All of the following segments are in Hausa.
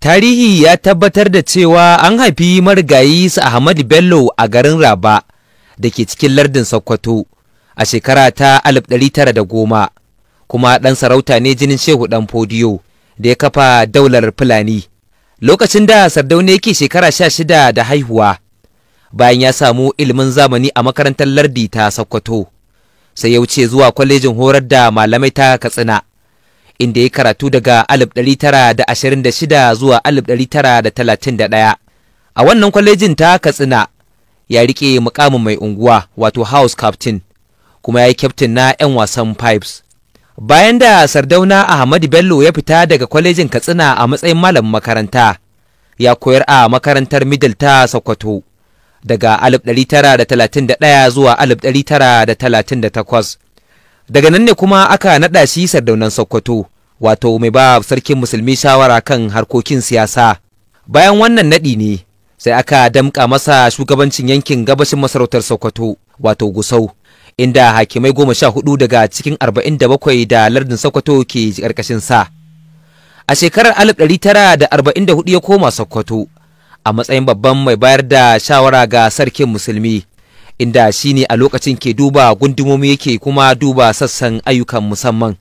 Tarihi ya tabbatar da cewa an haifi marigayi su Ahmadu Bello a garin Raba da ke cikin lardin Sokoto a shekara ta 1910 kuma ɗan sarauta ne jinin Shehu ɗan Fodiyo da ya kafa daular Fulani. Lokacin da Sardauna yake shekara sha shida da haihuwa bayan ya samu ilimin zamani a makarantar lardi ta Sokoto sai ya wuce zuwa kwalejin horar da malamai ta Katsina. inda ya karatu daga 1926 zuwa 1931 a wannan kwalejin ta katsina ya rike mukamin mai unguwa wato house captain kuma ya yi kyaftin na 'yan wasan pipes bayan da sardauna ahmadu bello ya fita daga kwalejin katsina a matsayin malam makaranta ya koyar a makarantar middle ta sokoto daga 1931 zuwa 1938 daga nan ne kuma aka naɗa shi sardaunan sokoto wato mai ba sarkin musulmi shawara kan harkokin siyasa bayan wannan naɗi ne sai aka damƙa masa shugabancin yankin gabashin masarautar sokoto wato gusau inda hakimai goma sha hudu daga cikin arba'in da bakwai da lardin sokoto ke ƙarƙashin sa a shekarar alif ɗari tara da arba'in da hudu ya koma sokoto a matsayin babban mai bayar da shawara ga sarkin musulmi inda shi ne a lokacin ke duba gundumomi yake kuma duba sassan ayyukan musamman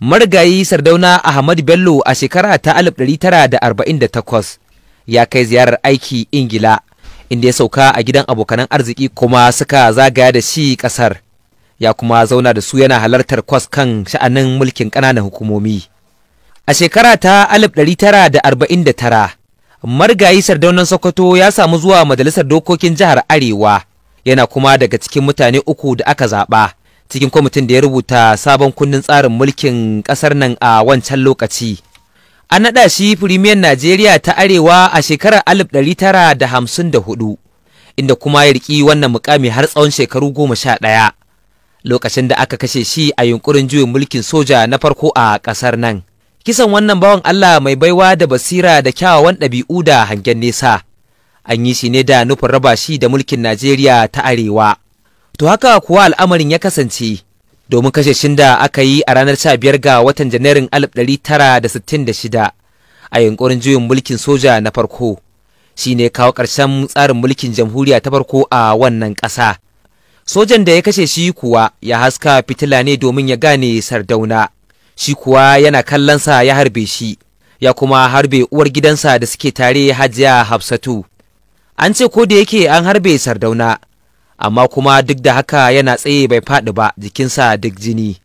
marigayi sardauna ahmad bello a shekara ta 1948 ya kai ziyarar aiki ingila inda ya sauka a gidan abokanan arziki kuma suka zagaya da shi ƙasar, ya kuma zauna da su yana halartar kwas kan sha'anin mulkin ƙananan hukumomi a shekara ta 1949 margayi sardaunan sokoto ya samu zuwa majalisar dokokin jihar arewa yana kuma daga cikin mutane uku da aka zaɓa cikin kwamitin da ya rubuta sabon kundin tsarin mulkin ƙasar nan a wancan lokaci. An naɗa shi firimiyar Najeriya ta Arewa a shekarar hudu, inda kuma ya riƙi wannan mukami har tsawon shekaru goma sha ɗaya, lokacin da aka kashe shi a yunkurin juyin mulkin soja na farko a ƙasar nan. Kisan wannan bawan Allah mai baiwa da basira da kyawawan ɗabi'u da hangen nesa, an yi shi ne da nufin raba shi da mulkin Najeriya ta Arewa. To haka kuwa al'amarin ya kasance domin kashe da aka yi a ranar sha biyar ga watan Janairun ɗari tara da da sittin shida, a yunkurin juyin mulkin soja na farko shi ne kawo ƙarshen tsarin mulkin jamhuriya ta farko a wannan ƙasa. Sojan da ya kashe shi kuwa ya haska fitila ne domin ya gane sardauna, shi kuwa yana kallonsa ya harbe shi, ya kuma harbe uwar gidansa da suke tare hajiya Hafsatu. An ce ko da yake an harbe sardauna, amma kuma duk da haka yana tsaye bai faɗi ba jikinsa duk jini.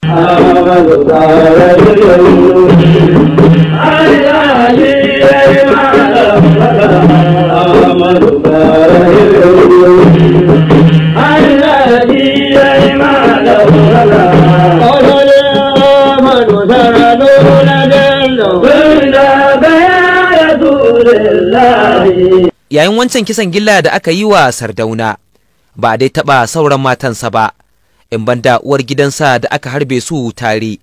Yayin wancan kisan gilla da aka yi wa Sardauna, ba dai taɓa sauran matansa ba in banda uwar gidansa da aka harbe su tare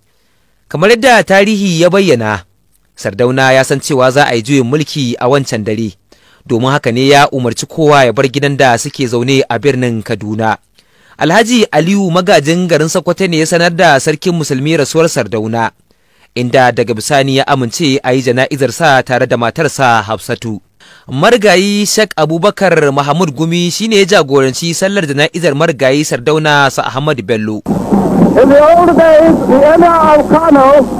kamar yadda tarihi ya bayyana sardauna ya san cewa za a yi juyin mulki a wancan dare domin haka ne ya umarci kowa ya bar gidan da suke zaune a birnin kaduna alhaji aliyu magajin garin sokoto ne ya sanar da sarkin musulmi rasuwar sardauna inda daga bisani ya amince a yi jana'izar sa tare da matarsa hafsatu Margayi Sheikh Abubakar Mahmud Gumi shine ya jagoranci sallar jana'izar Margayi Sardauna Sa Ahmad Bello. In the old days, the emir of Kano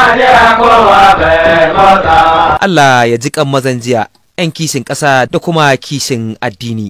Allah ya ji kan mazan jiya 'yan kishin ƙasa da kuma kishin addini.